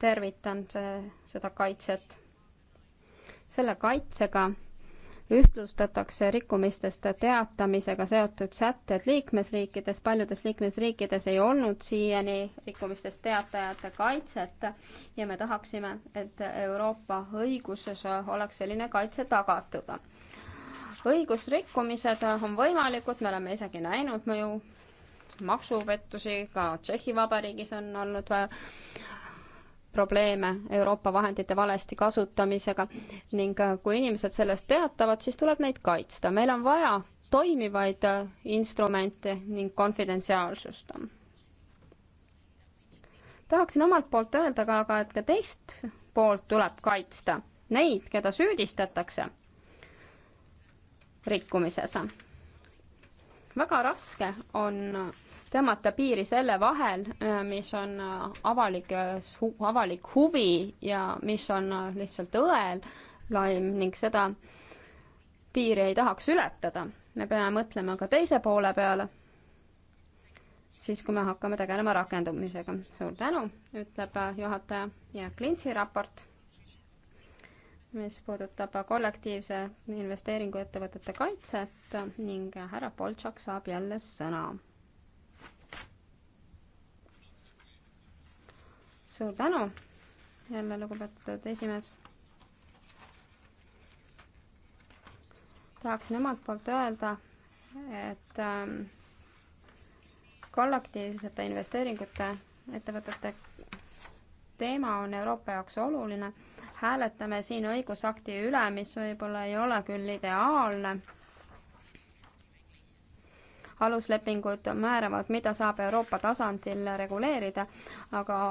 tervitan see, seda kaitset. selle kaitsega ühtlustatakse rikkumistest teatamisega seotud sätted liikmesriikides, paljudes liikmesriikides ei olnud siiani rikkumistest teatajate kaitset ja me tahaksime, et Euroopa õiguses oleks selline kaitse tagatud. õigusrikkumised on võimalikud, me oleme isegi näinud mõju maksupettusi, ka Tšehhi Vabariigis on olnud vaja probleeme Euroopa vahendite valesti kasutamisega ning äh, kui inimesed sellest teatavad, siis tuleb neid kaitsta. meil on vaja toimivaid äh, instrumente ning konfidentsiaalsust. tahaksin omalt poolt öelda ka, aga et ka teist poolt tuleb kaitsta neid, keda süüdistatakse rikkumises. väga raske on tõmmata piiri selle vahel, äh, mis on äh, avalik, äh, avalik huvi ja mis on lihtsalt õel laim ning seda piiri ei tahaks ületada. me peame mõtlema ka teise poole peale, siis kui me hakkame tegelema rakendumisega. suur tänu, ütleb juhataja ja Klintsi raport, mis puudutab kollektiivse investeeringuettevõtete kaitset ning härra Boltšak saab jälle sõna suur tänu jälle, lugupeetud esimees. tahaksin omalt poolt öelda, et ähm, kollektiivsete investeeringute ettevõtete teema on Euroopa jaoks oluline. hääletame siin õigusakti üle, mis võib-olla ei ole küll ideaalne. aluslepingud määravad, mida saab Euroopa tasandil reguleerida, aga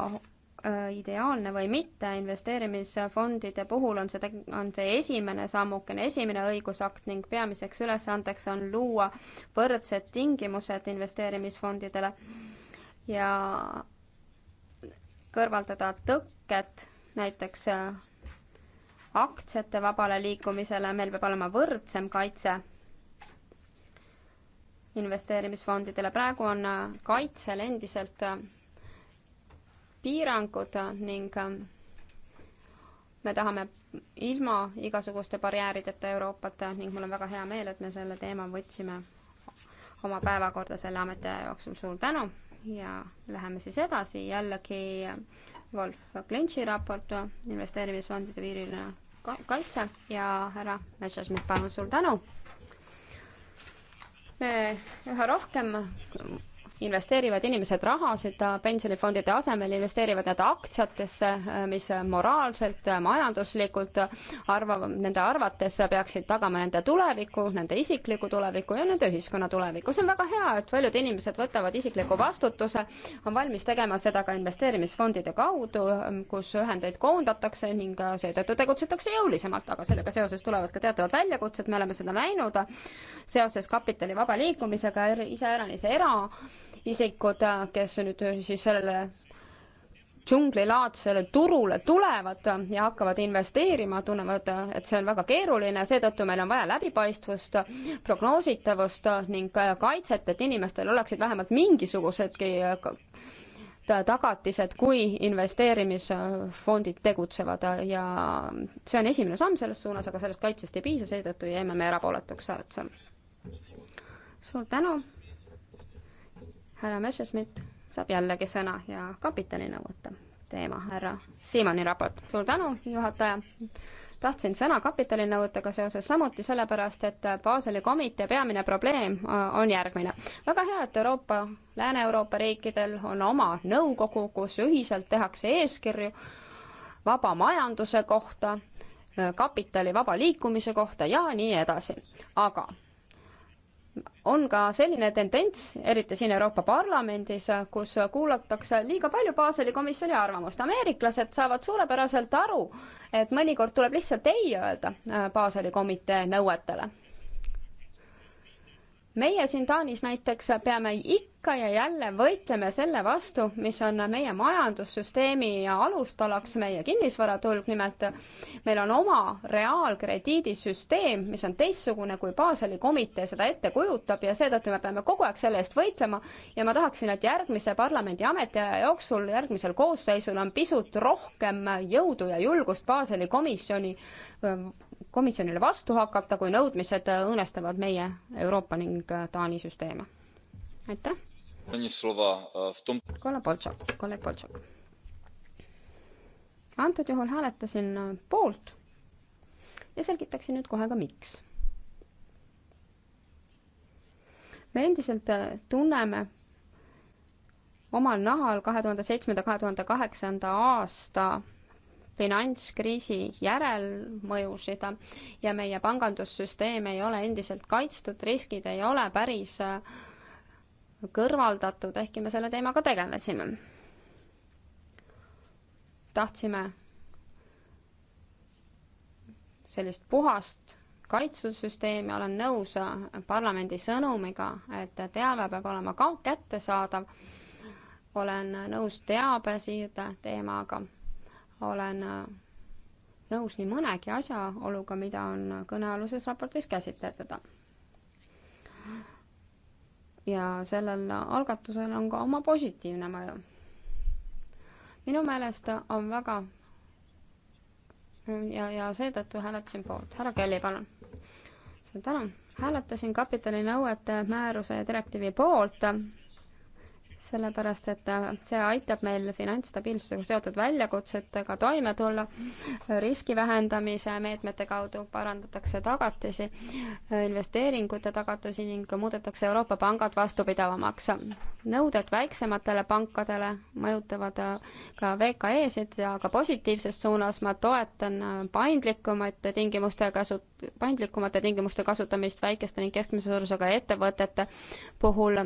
Äh, ideaalne või mitte, investeerimisfondide puhul on see, on see esimene sammukene, esimene õigusakt ning peamiseks ülesandeks on luua võrdsed tingimused investeerimisfondidele ja kõrvaldada tõkked näiteks äh, aktsiate vabale liikumisele, meil peab olema võrdsem kaitse investeerimisfondidele, praegu on äh, kaitsel endiselt piirangud ning ähm, me tahame ilma igasuguste barjäärideta Euroopat ning mul on väga hea meel, et me selle teema võtsime oma päevakorda selle ametiaja jooksul. suur tänu ja läheme siis edasi jällegi äh, Wolf Klintši raport äh, investeerimisfondide piiriline kaitse ja härra Messerschmidt, palun, suur tänu! me üha rohkem investeerivad inimesed rahasid pensionifondide asemel, investeerivad nad aktsiatesse, mis moraalselt, majanduslikult arvav, nende arvates peaksid tagama nende tuleviku, nende isikliku tuleviku ja nende ühiskonna tuleviku. see on väga hea, et paljud inimesed võtavad isikliku vastutuse, on valmis tegema seda ka investeerimisfondide kaudu, kus ühendeid koondatakse ning seetõttu tegutsetakse jõulisemalt, aga sellega seoses tulevad ka teatavad väljakutsed, me oleme seda näinud seoses kapitali vaba liikumisega, er-, iseäranis era-, isikud, kes nüüd siis sellele džunglilaadsele turule tulevad ja hakkavad investeerima, tunnevad, et see on väga keeruline, seetõttu meil on vaja läbipaistvust, prognoositavust ning kaitset, et inimestel oleksid vähemalt mingisugusedki tagatised, kui investeerimisfondid tegutsevad ja see on esimene samm selles suunas, aga sellest kaitsest ei piisa, seetõttu jäime me erapooletuks hääletusel. suur tänu! härra Messerschmidt saab jällegi sõna ja kapitalina võtta teema, härra Siimani raport. suur tänu, juhataja. tahtsin sõna kapitalinõuetega seoses samuti sellepärast, et Baseli komitee peamine probleem äh, on järgmine. väga hea, et Euroopa, Lääne-Euroopa riikidel on oma nõukogu, kus ühiselt tehakse eeskirju vaba majanduse kohta, äh, kapitali vaba liikumise kohta ja nii edasi. aga on ka selline tendents, eriti siin Euroopa Parlamendis, kus kuulatakse liiga palju Baseli komisjoni arvamust. ameeriklased saavad suurepäraselt aru, et mõnikord tuleb lihtsalt ei öelda äh, Baseli komitee nõuetele. meie siin Taanis näiteks peame ikka ikka ja jälle võitleme selle vastu, mis on meie majandussüsteemi alustalaks, meie kinnisvaraturg nimelt. meil on oma reaalkrediidisüsteem, mis on teistsugune, kui Baseli komitee seda ette kujutab ja seetõttu me peame kogu aeg selle eest võitlema ja ma tahaksin, et järgmise parlamendi ametiaja jooksul, järgmisel koosseisul on pisut rohkem jõudu ja julgust Baseli komisjoni, komisjonile vastu hakata, kui nõudmised õõnestavad meie Euroopa ning Taani süsteeme aitäh! Kolla Boltšak, kolleeg Boltšak. antud juhul hääletasin eh, poolt ja selgitaksin nüüd kohe ka, miks. me endiselt eh, tunneme omal nahal kahe tuhande seitsmenda, kahe tuhande kaheksanda aasta finantskriisi järelmõjusid ja meie pangandussüsteem ei ole endiselt kaitstud, riskid ei ole päris äh, kõrvaldatud, ehkki me selle teemaga tegelesime. tahtsime sellist puhast kaitsussüsteemi, olen nõus parlamendi sõnumiga, et teave peab olema ka kättesaadav. olen nõus teabesiirde teemaga, olen nõus nii mõnegi asjaoluga, mida on kõnealuses raportis käsitletud ja sellel algatusel on ka oma positiivne mõju. minu meelest on väga ja, ja seetõttu hääletasin poolt. härra Kelly, palun. suur tänu. hääletasin kapitalinõuete määruse ja direktiivi poolt sellepärast et see aitab meil finantsstabiilsusega seotud väljakutsetega toime tulla. riski vähendamise meetmete kaudu parandatakse tagatisi, investeeringute tagatisi ning muudetakse Euroopa pangad vastupidavamaks. nõuded väiksematele pankadele mõjutavad ka VKE-sid ja ka positiivses suunas ma toetan paindlikumate tingimuste kasu, paindlikumate tingimuste kasutamist väikeste ning keskmise suurusega ettevõtete puhul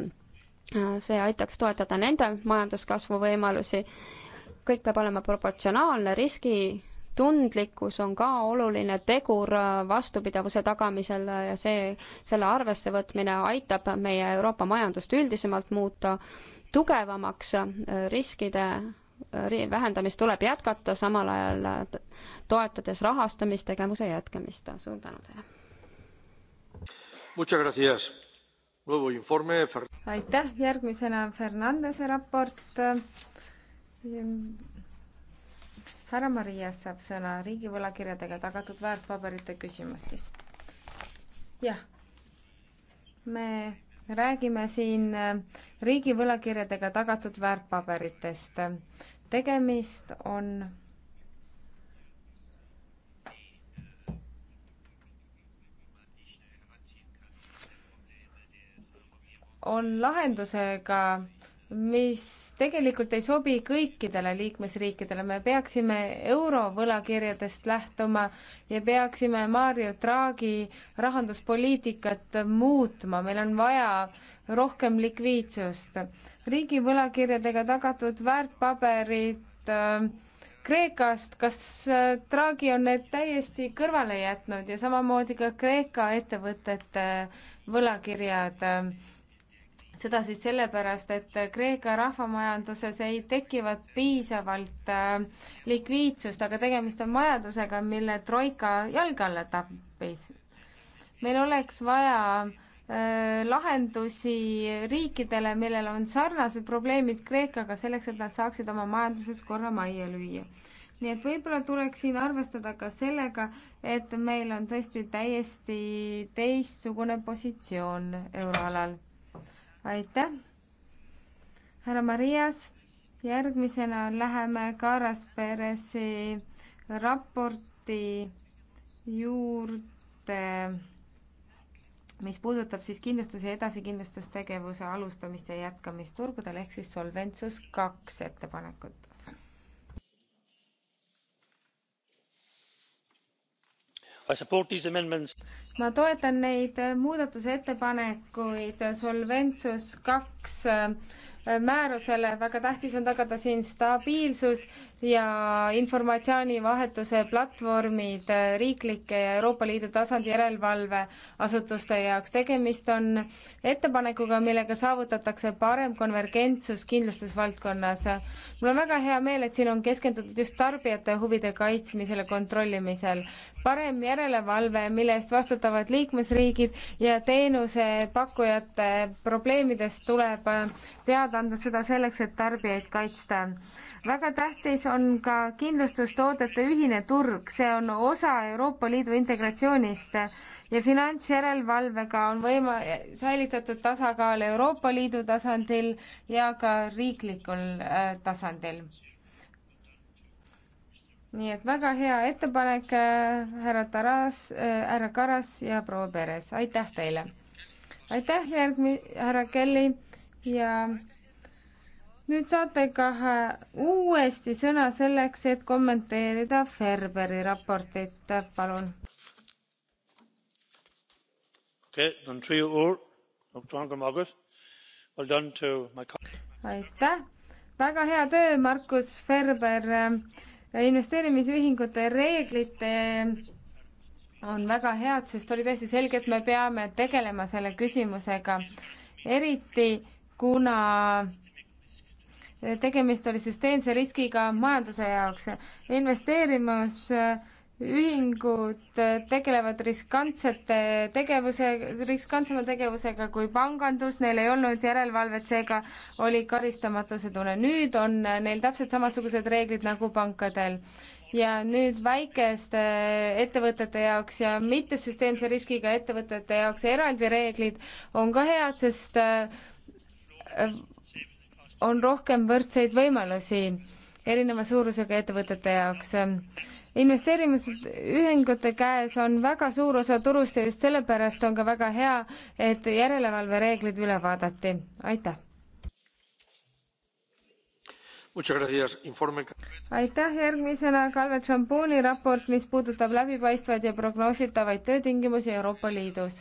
see aitaks toetada nende majanduskasvu võimalusi. kõik peab olema proportsionaalne, riskitundlikkus on ka oluline tegur vastupidavuse tagamisel ja see, selle arvesse võtmine aitab meie Euroopa majandust üldisemalt muuta tugevamaks riskide vähendamist tuleb jätkata, samal ajal toetades rahastamistegevuse jätkamist. suur tänu teile! aitäh, järgmisena Fernandese raport. härra Marias saab sõna riigivõlakirjadega tagatud väärtpaberite küsimus siis. jah, me räägime siin riigivõlakirjadega tagatud väärtpaberitest. tegemist on on lahendusega, mis tegelikult ei sobi kõikidele liikmesriikidele, me peaksime eurovõlakirjadest lähtuma ja peaksime Mario Draghi rahanduspoliitikat muutma, meil on vaja rohkem likviidsust. riigivõlakirjadega tagatud väärtpaberid äh, Kreekast, kas äh, Draghi on need täiesti kõrvale jätnud ja samamoodi ka Kreeka ettevõtete võlakirjad seda siis sellepärast, et Kreeka rahvamajanduses ei tekivad piisavalt äh, likviidsust, aga tegemist on majandusega, mille troika jalge alla tappis. meil oleks vaja äh, lahendusi riikidele, millel on sarnased probleemid Kreekaga, selleks et nad saaksid oma majanduses korra majja lüüa. nii et võib-olla tuleks siin arvestada ka sellega, et meil on tõesti täiesti teistsugune positsioon euroalal aitäh. härra Marias, järgmisena läheme Kaaras Peresi raporti juurde, mis puudutab siis kindlustuse ja edasikindlustustegevuse alustamist ja jätkamist turgudel ehk siis Solventsus kaks ettepanekut ma toetan neid muudatusettepanekuid solventsus kaks määrusele, väga tähtis on tagada siin stabiilsus ja informatsioonivahetuse platvormid riiklike ja Euroopa Liidu tasandi järelevalveasutuste jaoks. tegemist on ettepanekuga, millega saavutatakse parem konvergentsus kindlustusvaldkonnas. mul on väga hea meel, et siin on keskendutud just tarbijate huvide kaitsmisele kontrollimisel. parem järelevalve, mille eest vastutavad liikmesriigid ja teenusepakkujate probleemidest tuleb teada andma seda selleks, et tarbijaid kaitsta. väga tähtis on ka kindlustustoodete ühine turg, see on osa Euroopa Liidu integratsioonist ja finantsjärelevalvega on võima-, säilitatud tasakaal Euroopa Liidu tasandil ja ka riiklikul äh, tasandil. nii et väga hea ettepanek, äh, härra Taras, äh, härra Karas ja proua Peres, aitäh teile! aitäh, järgmi-, härra Kelly! ja nüüd saate kohe uuesti sõna selleks, et kommenteerida Ferberi raportit, palun. aitäh, väga hea töö, Markus Ferber. investeerimisühingute reeglite on väga head, sest oli täiesti selge, et me peame tegelema selle küsimusega, eriti kuna tegemist oli süsteemse riskiga majanduse jaoks. investeerimisühingud tegelevad riskantsete tegevuse, riskantsema tegevusega kui pangandus, neil ei olnud järelevalvet, seega oli karistamatuse tunne. nüüd on neil täpselt samasugused reeglid nagu pankadel ja nüüd väikeste ettevõtete jaoks ja mittesüsteemse riskiga ettevõtete jaoks eraldi reeglid on ka head, sest on rohkem võrdseid võimalusi erineva suurusega ettevõtete jaoks. investeerimisühingute käes on väga suur osa turust ja just sellepärast on ka väga hea, et järelevalvereeglid üle vaadati. aitäh! aitäh, järgmisena Kalve Tšambuni raport, mis puudutab läbipaistvaid ja prognoositavaid töötingimusi Euroopa Liidus.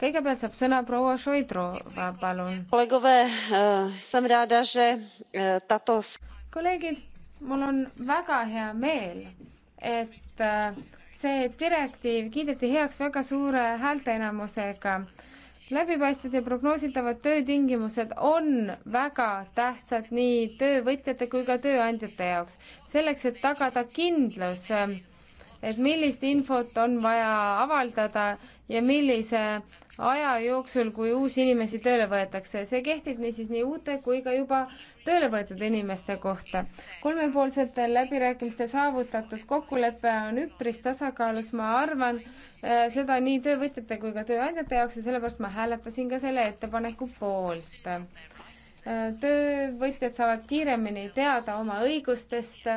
kõigepealt saab sõna proua Šoidrova, palun. Eh, eh, kolleegid, mul on väga hea meel, et eh, see direktiiv kiideti heaks väga suure häälteenamusega läbipaistvad ja prognoositavad töötingimused on väga tähtsad nii töövõtjate kui ka tööandjate jaoks, selleks et tagada kindlus, et millist infot on vaja avaldada ja millise aja jooksul, kui uusi inimesi tööle võetakse. see kehtib niisiis nii uute kui ka juba tööle võetud inimeste kohta. kolmepoolsetel läbirääkimistel saavutatud kokkulepe on üpris tasakaalus, ma arvan, äh, seda nii töövõtjate kui ka tööandjate jaoks ja sellepärast ma hääletasin ka selle ettepaneku poolt äh, töövõtjad saavad kiiremini teada oma õigustest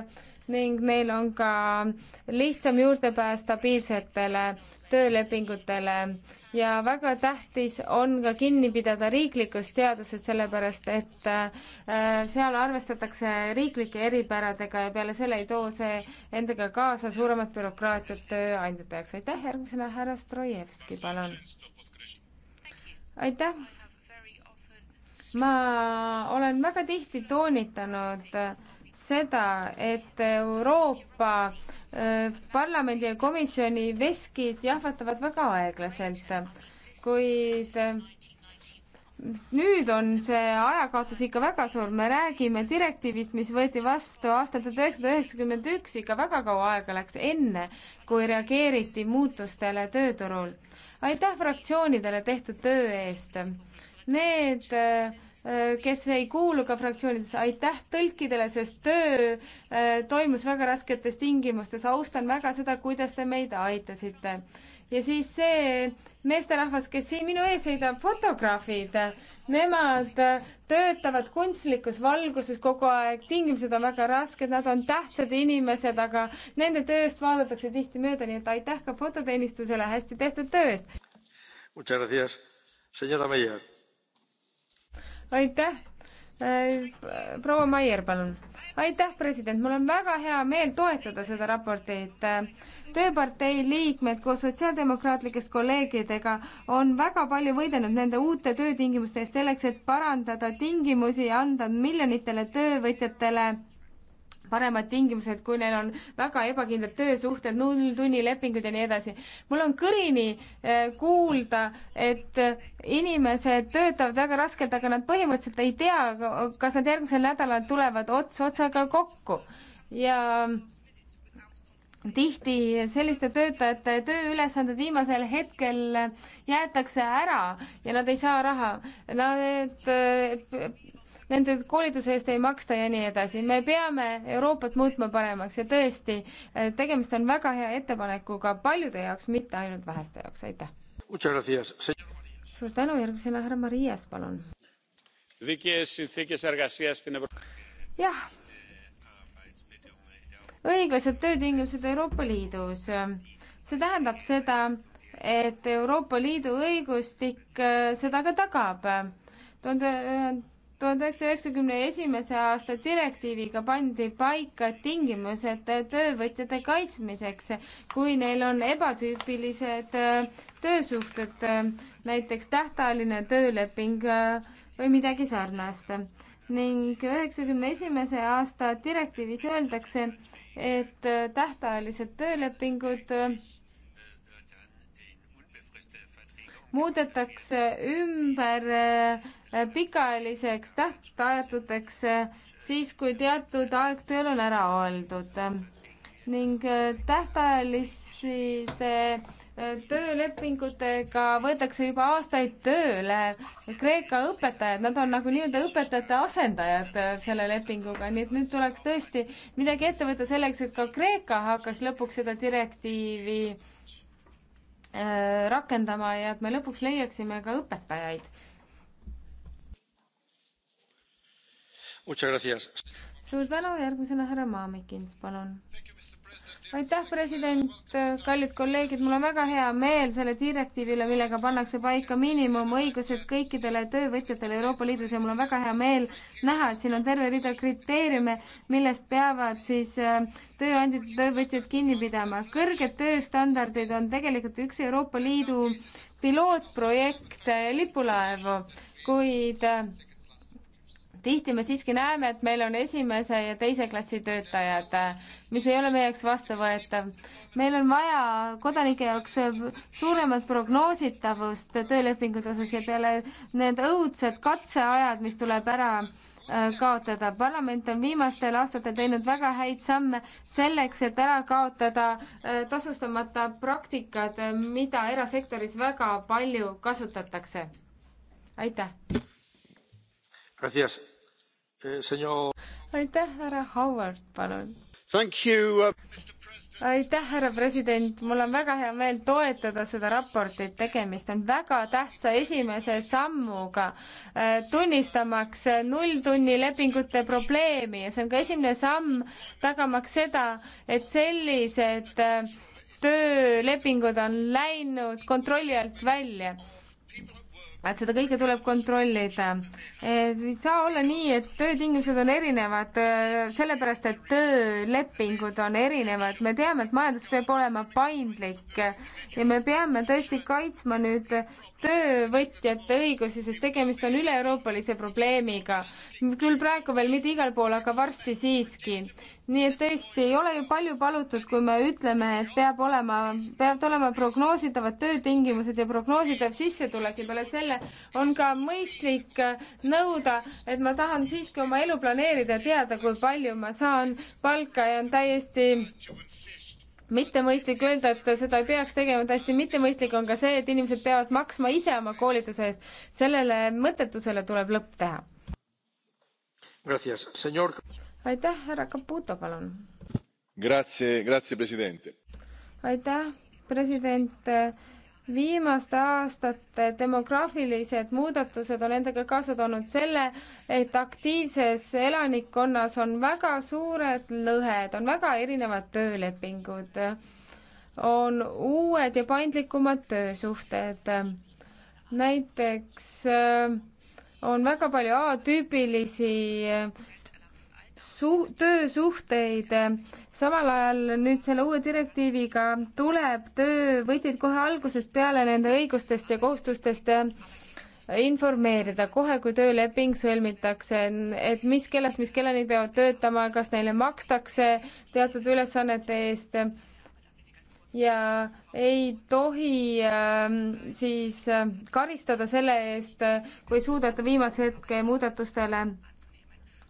ning neil on ka lihtsam juurdepääs stabiilsetele töölepingutele ja väga tähtis on ka kinni pidada riiklikust seadusest, sellepärast et äh, seal arvestatakse riiklike eripäradega ja peale selle ei too see endaga kaasa suuremat bürokraatiat tööandjate jaoks. aitäh, järgmisena härra Strojevski, palun. aitäh. ma olen väga tihti toonitanud seda, et Euroopa äh, Äh, parlamendi ja komisjoni veskid jahvatavad väga aeglaselt, kuid äh, nüüd on see ajakaotus ikka väga suur, me räägime direktiivist, mis võeti vastu aastal tuhat üheksasada üheksakümmend üks, ikka väga kaua aega läks enne, kui reageeriti muutustele tööturul. aitäh fraktsioonidele tehtud töö eest. Need äh, Äh, kes ei kuulu ka fraktsioonidesse, aitäh tõlkidele, sest töö äh, toimus väga rasketes tingimustes, austan väga seda, kuidas te meid aitasite. ja siis see meesterahvas, kes siin minu ees seisab, fotograafid, nemad äh, töötavad kunstlikus valguses kogu aeg, tingimused on väga rasked, nad on tähtsad inimesed, aga nende tööst vaadatakse tihti mööda, nii et aitäh ka fototeenistusele hästi tehtud töö eest. Muchas gracias, señora Meier aitäh. Äh, proua Maier, palun. aitäh, president, mul on väga hea meel toetada seda raportit tööpartei liikmed koos sotsiaaldemokraatlikest kolleegidega on väga palju võidelnud nende uute töötingimuste eest selleks, et parandada tingimusi ja anda miljonitele töövõtjatele paremad tingimused, kui neil on väga ebakindlad töösuhted, nulltunnilepingud ja nii edasi. mul on kõrini eh, kuulda, et eh, inimesed töötavad väga raskelt, aga nad põhimõtteliselt ei tea, kas nad järgmisel nädalal tulevad ots otsaga kokku ja tihti selliste töötajate tööülesanded viimasel hetkel jäetakse ära ja nad ei saa raha. Nad eh, nende koolituse eest ei maksta ja nii edasi. me peame Euroopat muutma paremaks ja tõesti, eh, tegemist on väga hea ettepanekuga paljude jaoks, mitte ainult väheste jaoks, aitäh. suur tänu, järgmisena härra Marias, palun. jah. õiglased töötingimused Euroopa Liidus. see tähendab seda, et Euroopa Liidu õigustik eh, seda ka tagab tuhande tuhande üheksasaja üheksakümne esimese aasta direktiiviga pandi paika tingimused töövõtjate kaitsmiseks, kui neil on ebatüüpilised äh, töösuhted, äh, näiteks tähtajaline tööleping äh, või midagi sarnast. ning üheksakümne esimese aasta direktiivis öeldakse, et tähtajalised töölepingud muudetakse ümber Äh, pikaajaliseks tähtajatuteks äh, siis, kui teatud aeg tööl on ära oldud ning äh, tähtajaliste töölepingutega võetakse juba aastaid tööle Kreeka õpetajad, nad on nagu nii-öelda õpetajate asendajad selle lepinguga, nii et nüüd tuleks tõesti midagi ette võtta selleks, et ka Kreeka hakkas lõpuks seda direktiivi rakendama ja et me lõpuks leiaksime ka õpetajaid suur tänu, järgmisena härra Maamikins, palun. aitäh, president, kallid kolleegid, mul on väga hea meel selle direktiivi üle, millega pannakse paika miinimumõigused kõikidele töövõtjatele Euroopa Liidus ja mul on väga hea meel näha, et siin on terve rida kriteeriume, millest peavad siis äh, tööandjad ja töövõtjad kinni pidama. kõrged tööstandardid on tegelikult üks Euroopa Liidu pilootprojekt lipulaevu, kuid äh, tihti me siiski näeme, et meil on esimese ja teise klassi töötajad, mis ei ole meie jaoks vastuvõetav. meil on vaja kodanike jaoks suuremat prognoositavust töölepingute osas ja peale need õudsed katseajad, mis tuleb ära äh, kaotada. parlament on viimastel aastatel teinud väga häid samme selleks, et ära kaotada äh, tasustamata praktikad, mida erasektoris väga palju kasutatakse. aitäh! Gracias. Eh, senor. aitäh, härra Howard, palun. Uh, aitäh, härra president, mul on väga hea meel toetada seda raportit, tegemist on väga tähtsa esimese sammuga, eh, tunnistamaks nulltunni lepingute probleemi ja see on ka esimene samm tagamaks seda, et sellised eh, töölepingud on läinud kontrolli alt välja et seda kõike tuleb kontrollida. ei saa olla nii, et töötingimused on erinevad, sellepärast et töölepingud on erinevad, me teame, et majandus peab olema paindlik ja me peame tõesti kaitsma nüüd töövõtjate õigusi, sest tegemist on üle-euroopalise probleemiga. küll praegu veel mitte igal pool, aga varsti siiski nii et tõesti ei ole ju palju palutud, kui me ütleme, et peab olema, peavad olema prognoositavad töötingimused ja prognoositav sissetulek ja peale selle on ka mõistlik nõuda, et ma tahan siiski oma elu planeerida, teada, kui palju ma saan palka ja on täiesti mittemõistlik öelda, et seda ei peaks tegema, täiesti mittemõistlik on ka see, et inimesed peavad maksma ise oma koolituse eest. sellele mõttetusele tuleb lõpp teha. Gracias, señor aitäh, härra Caputo, palun. Grazie, grazie, president. aitäh, president viimaste aastate demograafilised muudatused on endaga kaasa toonud selle, et aktiivses elanikkonnas on väga suured lõhed, on väga erinevad töölepingud, on uued ja paindlikumad töösuhted. näiteks äh, on väga palju A-tüübilisi äh, su-, töösuhteid. samal ajal nüüd selle uue direktiiviga tuleb töövõtjaid kohe algusest peale nende õigustest ja kohustustest informeerida kohe, kui tööleping sõlmitakse, et mis kellast, mis kellani peavad töötama, kas neile makstakse teatud ülesannete eest ja ei tohi äh, siis karistada selle eest, kui ei suudeta viimase hetke muudatustele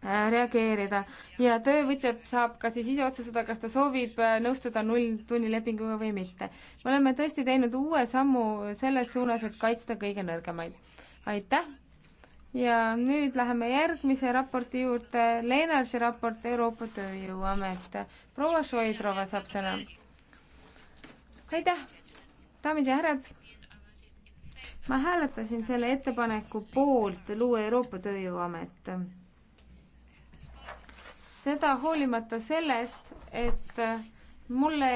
Äh, reageerida ja töövõtja saab ka siis ise otsustada, kas ta soovib äh, nõustuda nulltunnilepinguga või mitte. me oleme tõesti teinud uue sammu selles suunas, et kaitsta kõige nõrgemaid. aitäh! ja nüüd läheme järgmise raporti juurde, Leenarsi raport Euroopa Tööjõuamet. proua Šoidrova saab sõna. aitäh, daamid ja härrad! ma hääletasin selle ettepaneku poolt luua Euroopa Tööjõuamet seda hoolimata sellest, et mulle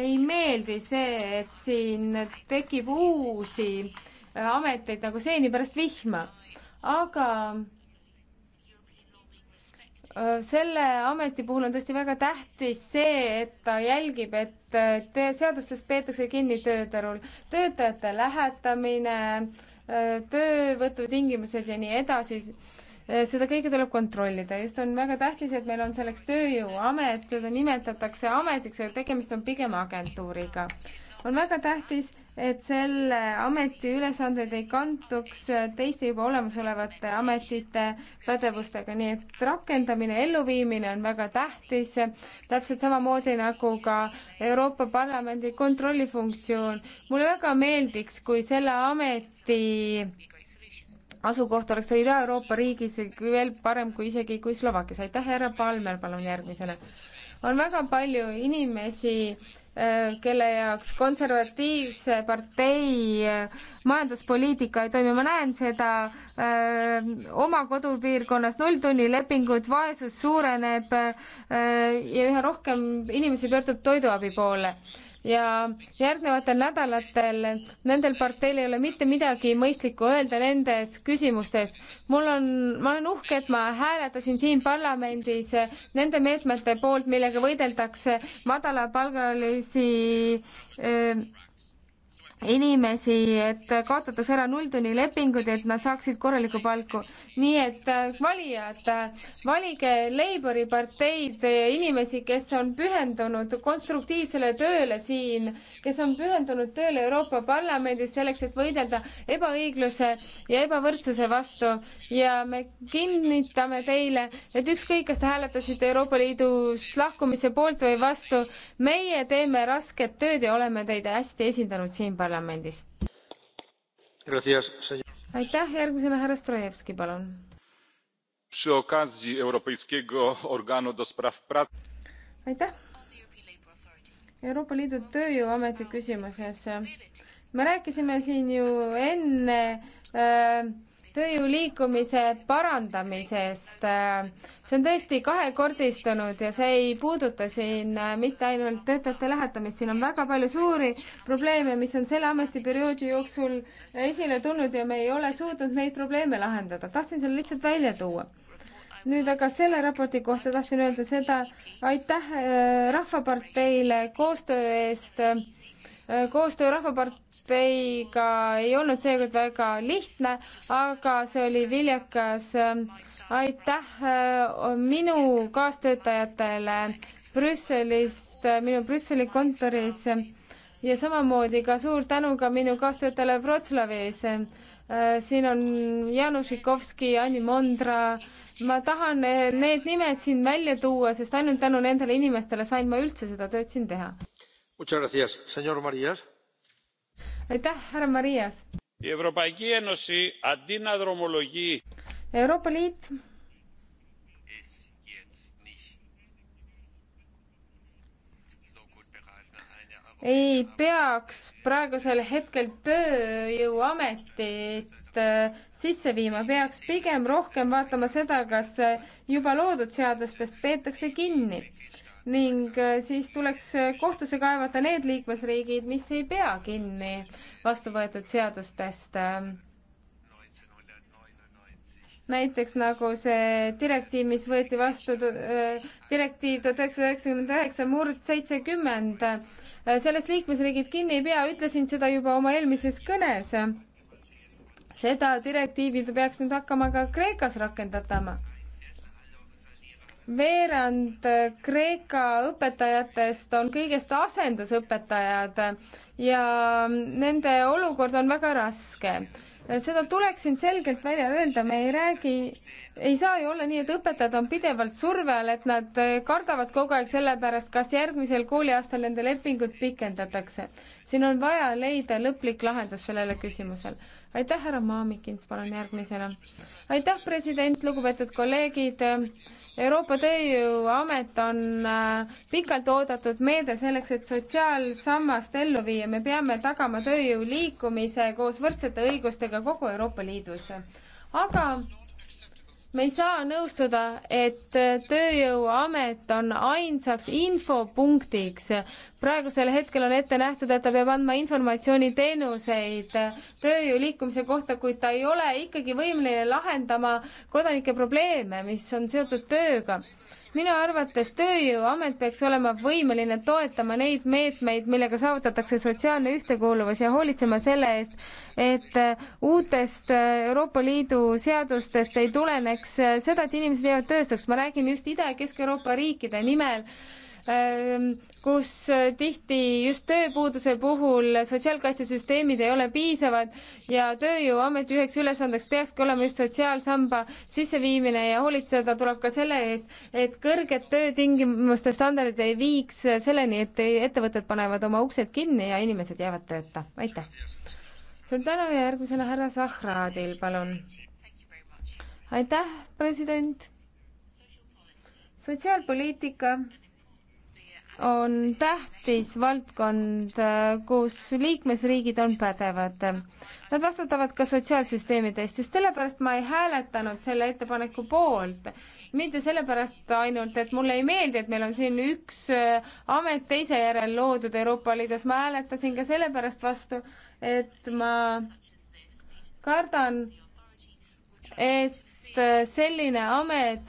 ei meeldi see, et siin tekib uusi ameteid nagu seeni pärast vihma, aga äh, selle ameti puhul on tõesti väga tähtis see, et ta jälgib, et äh, seadustest peetakse kinni tööturul, töötajate lähetamine, äh, töövõtutingimused ja nii edasi Eh, seda kõike tuleb kontrollida, just on väga tähtis, et meil on selleks tööjõuamet, seda nimetatakse ametiks, aga tegemist on pigem agentuuriga. on väga tähtis, et selle ameti ülesanded ei kantuks teiste juba olemasolevate ametite pädevustega, nii et rakendamine, elluviimine on väga tähtis, täpselt samamoodi nagu ka Euroopa Parlamendi kontrollifunktsioon. mulle väga meeldiks, kui selle ameti asukoht oleks Ida-Euroopa riigis veel parem kui isegi kui Slovakkias. aitäh, härra Palmer, palun järgmisena. on väga palju inimesi, äh, kelle jaoks konservatiivse partei äh, majanduspoliitika ei toimi, ma näen seda öö, äh, oma kodupiirkonnas, nulltunnilepingud, vaesus suureneb öö, ja üha rohkem inimesi pöördub toiduabi poole ja järgnevatel nädalatel nendel parteil ei ole mitte midagi mõistlikku öelda nendes küsimustes. mul on, ma olen uhke, et ma hääletasin siin parlamendis nende meetmete poolt, millega võideldakse madalapalgalisi äh, inimesi, et kaotatakse ära nulltunnilepingud, et nad saaksid korralikku palku. nii et äh, valijad, äh, valige Labori parteid, inimesi, kes on pühendunud konstruktiivsele tööle siin, kes on pühendunud tööle Euroopa Parlamendis selleks, et võidelda ebaõigluse ja ebavõrdsuse vastu ja me kinnitame teile, et ükskõik, kas te hääletasite Euroopa Liidust lahkumise poolt või vastu, meie teeme rasket tööd ja oleme teid hästi esindanud siin parlamendis Parlamendis. aitäh, järgmisena härra Strojevski, palun. aitäh. Euroopa Liidu Tööjõuameti küsimuses. me rääkisime siin ju enne äh, tööjõu liikumise parandamisest äh, see on tõesti kahekordistunud ja see ei puuduta siin äh, mitte ainult töötajate lähetamist, siin on väga palju suuri probleeme, mis on selle ametiperioodi jooksul esile tulnud ja me ei ole suutnud neid probleeme lahendada. tahtsin selle lihtsalt välja tuua nüüd aga selle raporti kohta tahtsin öelda seda, aitäh äh, Rahvaparteile koostöö eest äh, Äh, koostöö Rahvaparteiga ei olnud seekord väga lihtne, aga see oli viljakas. aitäh äh, minu kaastöötajatele Brüsselist, äh, minu Brüsseli kontoris ja samamoodi ka suur tänu ka minu kaastöötajale Wroclawis. siin on Janušikovski, Anni Mondra, ma tahan need nimed siin välja tuua, sest ainult tänu nendele inimestele sain ma üldse seda tööd siin teha aitäh, härra Marias. Euroopa Liit ei peaks praegusel hetkel tööjõuametit äh, sisse viima, peaks pigem rohkem vaatama seda, kas äh, juba loodud seadustest peetakse kinni ning äh, siis tuleks äh, kohtusse kaevata need liikmesriigid, mis ei pea kinni vastu võetud seadustest. Ähm. näiteks nagu see direktiiv, mis võeti vastu, äh, direktiiv tuhat üheksasada üheksakümmend üheksa murd seitsekümmend, sellest liikmesriigid kinni ei pea, ütlesin seda juba oma eelmises kõnes. seda direktiivi peaks nüüd hakkama ka Kreekas rakendatama veerand Kreeka õpetajatest on kõigest asendusõpetajad ja nende olukord on väga raske. seda tuleks siin selgelt välja öelda, me ei räägi, ei saa ju olla nii, et õpetajad on pidevalt surve all, et nad kardavad kogu aeg selle pärast, kas järgmisel kooliaastal nende lepingut pikendatakse. siin on vaja leida lõplik lahendus sellele küsimusele aitäh, härra Maamikins, palun järgmisena. aitäh, president, lugupeetud kolleegid Euroopa Tööjõuamet on äh, pikalt oodatud meede selleks, et sotsiaalsammast ellu viia. me peame tagama tööjõu liikumise koos võrdsete õigustega kogu Euroopa Liidus. aga me ei saa nõustuda, et Tööjõuamet on ainsaks infopunktiks. praegusel hetkel on ette nähtud, et ta peab andma informatsiooniteenuseid tööjõu liikumise kohta, kuid ta ei ole ikkagi võimeline lahendama kodanike probleeme, mis on seotud tööga minu arvates Tööjõuamet peaks olema võimeline toetama neid meetmeid, millega saavutatakse sotsiaalne ühtekuuluvus ja hoolitsema selle eest, et äh, uutest äh, Euroopa Liidu seadustest ei tuleneks äh, seda, et inimesed jäävad tööstuks. ma räägin just Ida- ja Kesk-Euroopa riikide nimel kus äh, tihti just tööpuuduse puhul sotsiaalkaitsesüsteemid ei ole piisavad ja Tööjõuameti üheks ülesandeks peakski olema just sotsiaalsamba sisseviimine ja hoolitseda tuleb ka selle eest, et kõrged töötingimuste standardid ei viiks selleni, et ettevõtted panevad oma uksed kinni ja inimesed jäävad tööta. aitäh! suur tänu ja järgmisena härra Zahradil, palun! aitäh, president! sotsiaalpoliitika on tähtis valdkond, kus liikmesriigid on pädevad. Nad vastutavad ka sotsiaalsüsteemide eest, just sellepärast ma ei hääletanud selle ettepaneku poolt. mitte sellepärast ainult, et mulle ei meeldi, et meil on siin üks amet teise järel loodud Euroopa Liidus, ma hääletasin ka sellepärast vastu, et ma kardan, et Äh, selline amet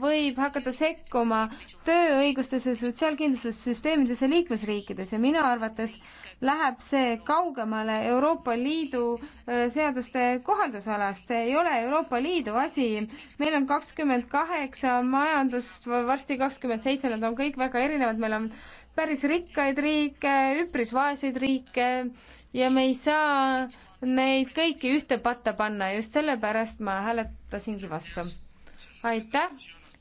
võib hakata sekkuma tööõigustesse, sotsiaalkindlustussüsteemidesse liikmesriikides ja minu arvates läheb see kaugemale Euroopa Liidu äh, seaduste kohaldusalast, see ei ole Euroopa Liidu asi. meil on kakskümmend kaheksa majandust, varsti kakskümmend seitse, nad on kõik väga erinevad, meil on päris rikkaid riike, üpris vaeseid riike ja me ei saa neid kõiki ühte patta panna ja just sellepärast ma hääletasingi vastu. aitäh,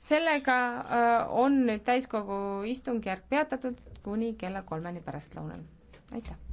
sellega äh, on nüüd täiskogu istungjärk peatatud kuni kella kolmeni pärastlõunal. aitäh!